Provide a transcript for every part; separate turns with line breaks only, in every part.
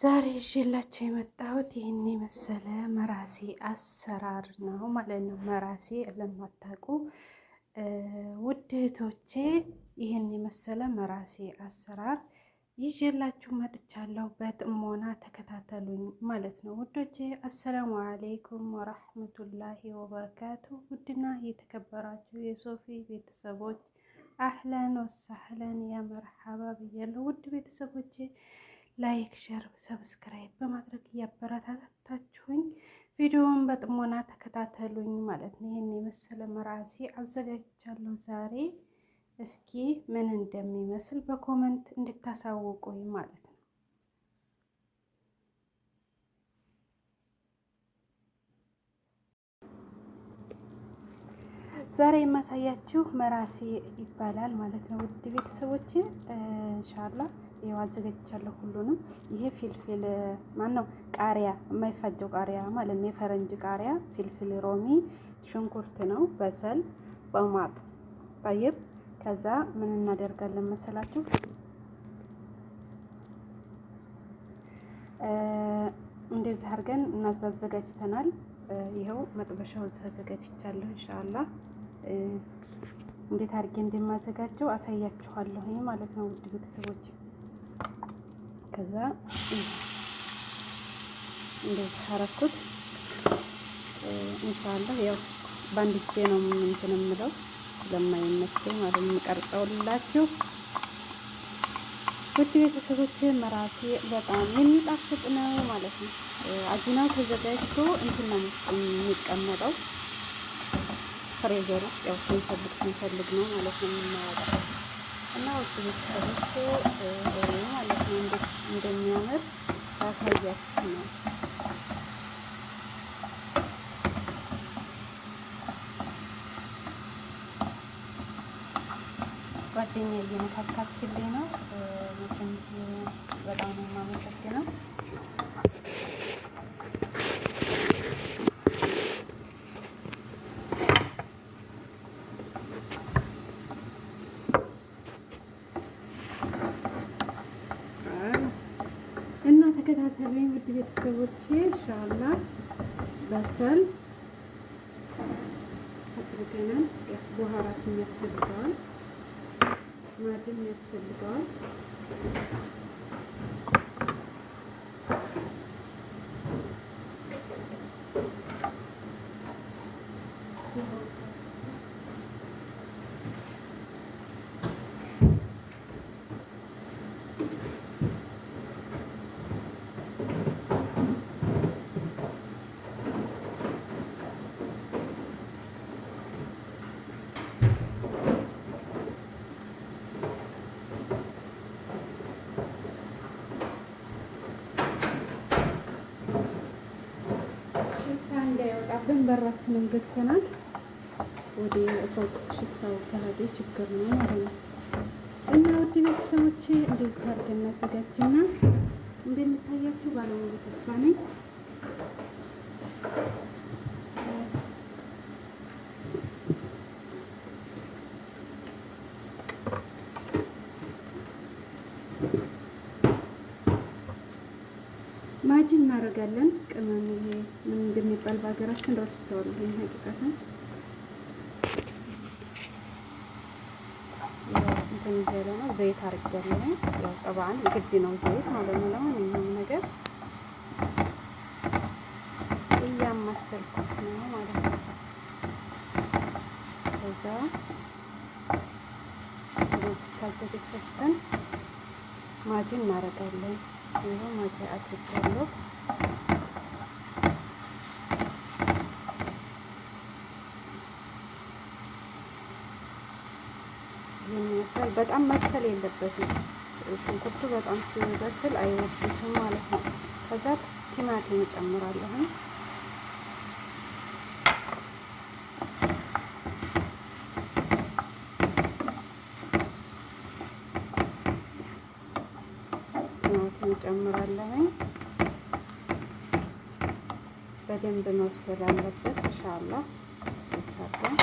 ዛሬ ይዤላቸው የመጣሁት ይህን የመሰለ መራሴ አሰራር ነው ማለት ነው። መራሴ ለማታውቁ ውድህቶቼ ይህን የመሰለ መራሴ አሰራር ይዤላችሁ መጥቻለሁ። በጥሞና ተከታተሉኝ ማለት ነው ውዶቼ። አሰላሙ አሌይኩም ወራህመቱላሂ ወበረካቱ። ውድና የተከበራችሁ የሶፊ ቤተሰቦች አህለን ወሳህለን ያመርሐባ ብያለሁ ውድ ቤተሰቦቼ ላይክ፣ ሸር፣ ሰብስክራይብ በማድረግ እያበረታታችሁኝ ቪዲዮውን በጥሞና ተከታተሉኝ ማለት ነው። ይህን የመሰለ መራሲ አዘጋጅቻለሁ ዛሬ። እስኪ ምን እንደሚመስል በኮመንት እንድታሳውቁኝ ማለት ነው። ዛሬ የማሳያችሁ መራሴ ይባላል ማለት ነው። ውድ ቤተሰቦች እንሻላ ይኸው አዘጋጅቻለሁ ሁሉንም። ይሄ ፊልፊል ማን ነው ቃሪያ፣ የማይፈጀው ቃሪያ ማለት ነው፣ የፈረንጅ ቃሪያ፣ ፊልፊል ሮሚ፣ ሽንኩርት ነው፣ በሰል፣ በማጥ ጠይብ። ከዛ ምን እናደርጋለን መሰላችሁ እንደዚህ አድርገን እናዛ አዘጋጅተናል። ይኸው መጥበሻው እዚህ አዘጋጅቻለሁ። እንሻላ እንዴት አድርጌ እንደማዘጋጀው አሳያችኋለሁ ማለት ነው ውድ ቤተሰቦች። ከዛ እንደዚህ አረኩት። ኢንሻአላህ ያው በአንድ እጄ ነው እንትን የምለው ስለማይመቸኝ ማለት የምቀርጸውላችሁ ውድ ቤተሰቦች መራሴ በጣም የሚጣፍጥ ነው ማለት ነው። አጂናው ተዘጋጅቶ እንትን ነው የሚቀመጠው ፍሬዘር ውስጥ ያው ስንፈልግ ስንፈልግ ነው ማለት ነው የምናወጣው እና ውድ ቤተሰቦች ላሳያችሁ ነው። ጓደኛ እየነካካችልኝ ነው። በጣም ነው የማመሰግነው። ይስጥልኝ ውድ ቤተሰቦቼ። ሻላ በሰል አድርገናል። በኋራትም ያስፈልገዋል፣ ማድም ያስፈልገዋል። በራችንን ዘግተናል ወደ ፎቅ ሽታው ከሄደ ችግር ነው ማለት ነው። እና ውድ ቤተሰቦቼ እንደዚህ አድርገን እናዘጋጅና እንደምታያችሁ ባለሙሉ ተስፋ ነኝ። ፋጅን እናደርጋለን። ቅመም ይሄ ምን እንደሚባል በሀገራችን ረስቼዋለሁ። ይሄ ሀቂቃትን እንትን እያለ ነው። ዘይት አድርጌያለሁ። ያው ጠባን ግድ ነው ዘይት ማለት ነው። ለማንኛውም ነገር እያማሰልኩት ነው ማለት ነው። ከዛ እንደዚህ ካዘገጃጅተን ማጅን እናደርጋለን። ይኸው ማኪያ አድርጌያለሁ። ይመስላል በጣም መብሰል የለበትም። ሽንኩርቱ በጣም ሲበስል አይወስድም ማለት ነው። ከዛ ቲማቲም እጨምራለሁ። አደርጋለሁኝ። በደንብ መብሰል አለበት። ኢንሻአላህ ይሰራል።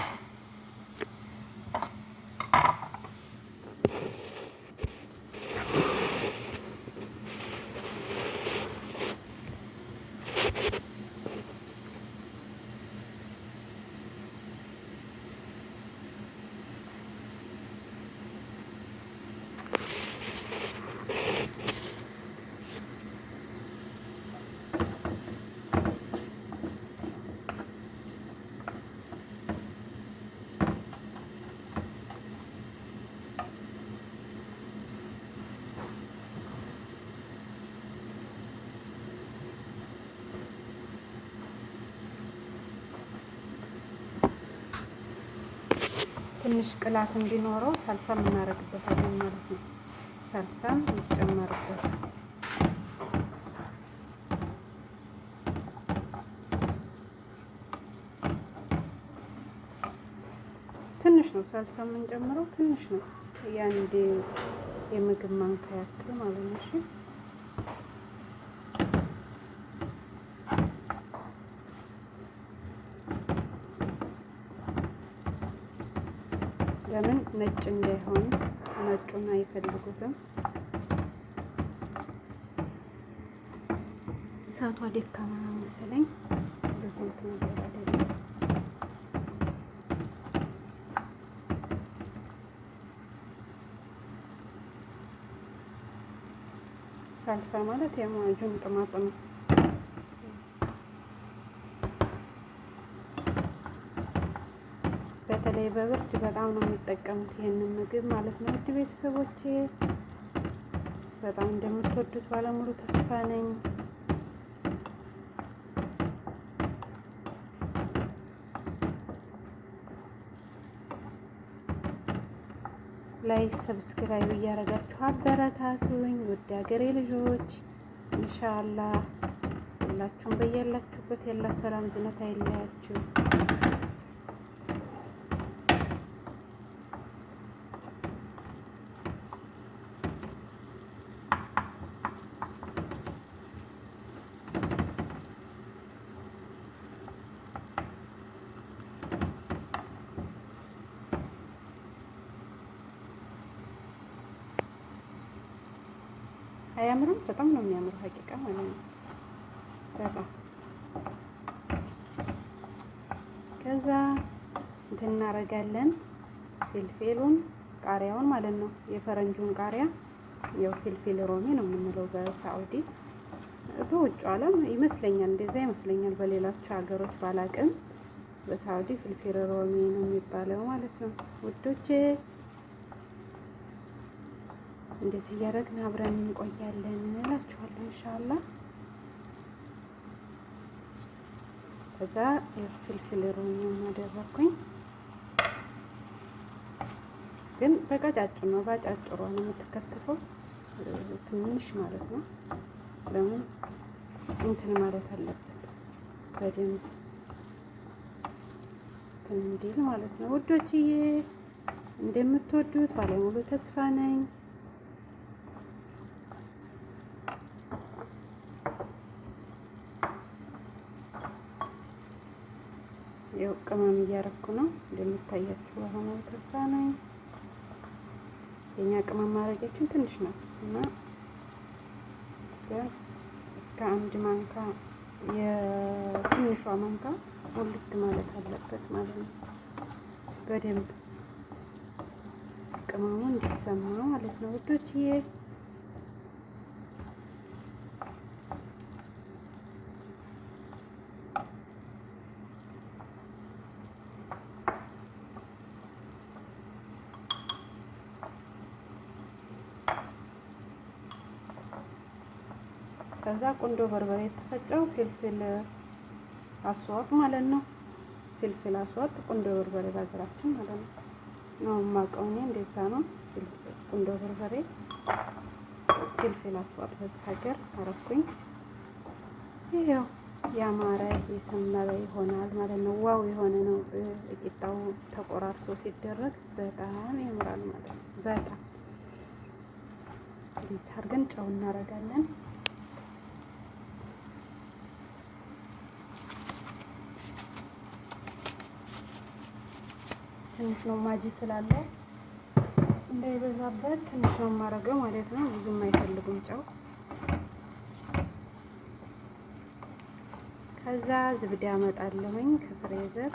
ትንሽ ቅላት እንዲኖረው ሳልሳ እናደርግበታለን ማለት ነው። ሳልሳም ይጨመርበታል። ትንሽ ነው ሳልሳ የምንጨምረው ትንሽ ነው። የአንድ የምግብ ማንካ ያክል ማለት ነው። ለምን ነጭ እንዳይሆን ነጩን አይፈልጉትም። እሳቷ ደካማ ነው መሰለኝ ብዙ አይደለም። ሳልሳ ማለት የማጁን ጥማጥ ነው። በብርድ በጣም ነው የሚጠቀሙት ይህንን ምግብ ማለት ነው። ውድ ቤተሰቦቼ በጣም እንደምትወዱት ባለሙሉ ተስፋ ነኝ። ላይ ሰብስክራይብ እያደረጋችሁ አበረታቱኝ ውድ ሀገሬ ልጆች እንሻላ ሁላችሁም በያላችሁበት የላ ሰላም ዝነት አይለያችሁ። አያምርም? በጣም ነው የሚያምር ሀቂቃ ማለት ነው። በጣም ከዛ እንትን እናደርጋለን ፊልፊሉን ቃሪያውን ማለት ነው። የፈረንጁን ቃሪያ ያው ፊልፊል ሮሚ ነው የምንለው በሳዑዲ በውጭ ዓለም ይመስለኛል፣ እንደዛ ይመስለኛል። በሌሎች ሀገሮች ባላቅም በሳዑዲ ፊልፊል ሮሚ ነው የሚባለው ማለት ነው ውዶቼ እንደዚህ እያደረግን አብረን እንቆያለን እንላችኋለን እንሻላ። ከዛ ፍልፍል ሮሚ አደረኩኝ፣ ግን በቀጫጭ ነው በአጫጭሯ ነው የምትከተፈው ትንሽ ማለት ነው። ለምን እንትን ማለት አለበት በደንብ እንትን እንዲል ማለት ነው። ውዶችዬ እንደምትወዱት ባለሙሉ ተስፋ ነኝ። ያው ቅመም እያረኩ ነው እንደሚታያችሁ አሁን ተስፋ ነኝ። የኛ ቅመም ማድረጊያችን ትንሽ ነው እና ቢያንስ እስከ አንድ ማንካ የትንሿ ማንካ ሁልት ማለት አለበት ማለት ነው። በደንብ ቅመሙ እንዲሰማ ማለት ነው ውዶችዬ። ከዛ ቁንዶ በርበሬ የተፈጨው ፍልፍል አስዋጥ ማለት ነው። ፍልፍል አስዋት ቁንዶ በርበሬ በሀገራችን ማለት ነው ነው የማውቀው እኔ እንደዛ ነው። ቁንዶ በርበሬ ፍልፍል አስዋት በዚህ ሀገር አረኩኝ። ይሄው ያማረ የሰመረ ይሆናል ማለት ነው። ዋው የሆነ ነው እቂጣው ተቆራርሶ ሲደረግ በጣም ያምራል ማለት ነው። በጣም ሊስ አድርገን ጨው እናደርጋለን። ትንሽ ነው ማጂ ስላለ እንዳይበዛበት ትንሽ ነው የማደርገው ማለት ነው። ብዙም አይፈልጉም ጨው። ከዛ ዝብዳ አመጣለሁኝ ከፍሬዘር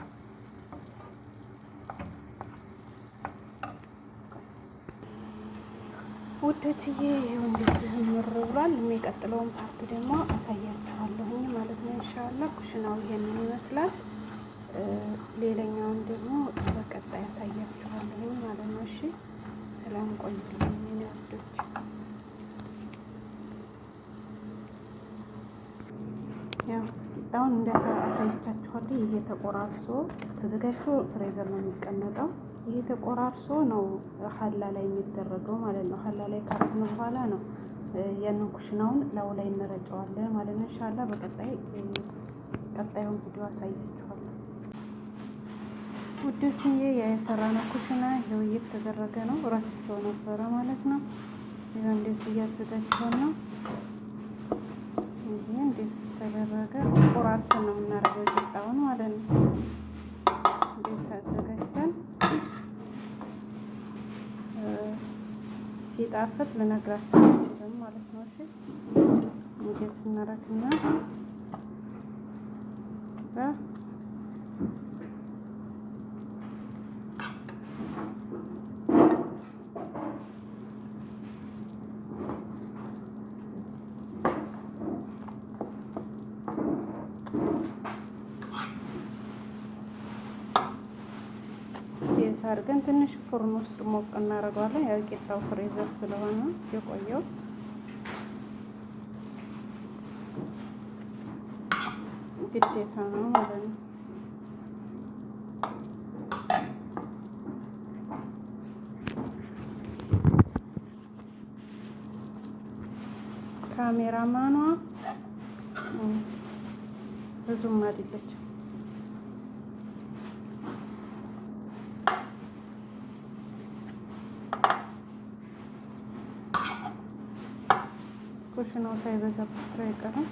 ውዶችዬ ይኸው እንደዚህ ምር ብሏል። የሚቀጥለውን ፓርት ደግሞ አሳያችኋለሁኝ ማለት ነው። ኢንሻላህ ኩሽናው ይሄንን ይመስላል። ሌላኛውን ደግሞ በቀጣይ ያሳያችኋለሁ ማለት ነው። እሺ ሰላም ቆዩልኝ ወዳጆች። ያው ቂጣውን እንደሳ አሳይቻችኋለሁ። ይሄ ተቆራርሶ ተዘጋጅቶ ፍሬዘር ነው የሚቀመጠው። ይሄ ተቆራርሶ ነው ሀላ ላይ የሚደረገው ማለት ነው። ሀላ ላይ ካረግን በኋላ ነው ያንን ኩሽናውን ላዩ ላይ እንረጨዋለን ማለት ነው። ኢንሻላህ በቀጣይ ቀጣዩን ቪዲዮ አሳያችኋለሁ። ውዶችን የሰራ ነው ኩሽና ይኸው እየተደረገ ነው። ረስቸው ነበረ ማለት ነው። ይኸው እንደዚህ እያዘጋጀሁ ነው። ይህ እንደዚህ ተደረገ። ቆራርሰን ነው የምናደርገው ቂጣውን ማለት ነው። እንደዚህ አዘጋጅተን ሲጣፍጥ ልነግራችሁ አልችልም ማለት ነው። እሺ እንደዚህ እናደርግና አድርገን ትንሽ ፍርን ውስጥ ሞቅ እናደርገዋለን። ያው ቂጣው ፍሬዘር ስለሆነ የቆየው ግዴታ ነው ማለት ነው። ካሜራማኗ ብዙም አይደለችም። ኩሽናው ሳይበዛባቸው አይቀርም።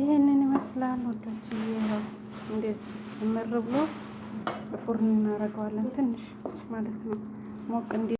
ይህንን ይመስላል ወዶች ይኸው እንዴት ምር ብሎ ፎርን እናደርገዋለን ትንሽ ማለት ነው ሞቅ እንዲ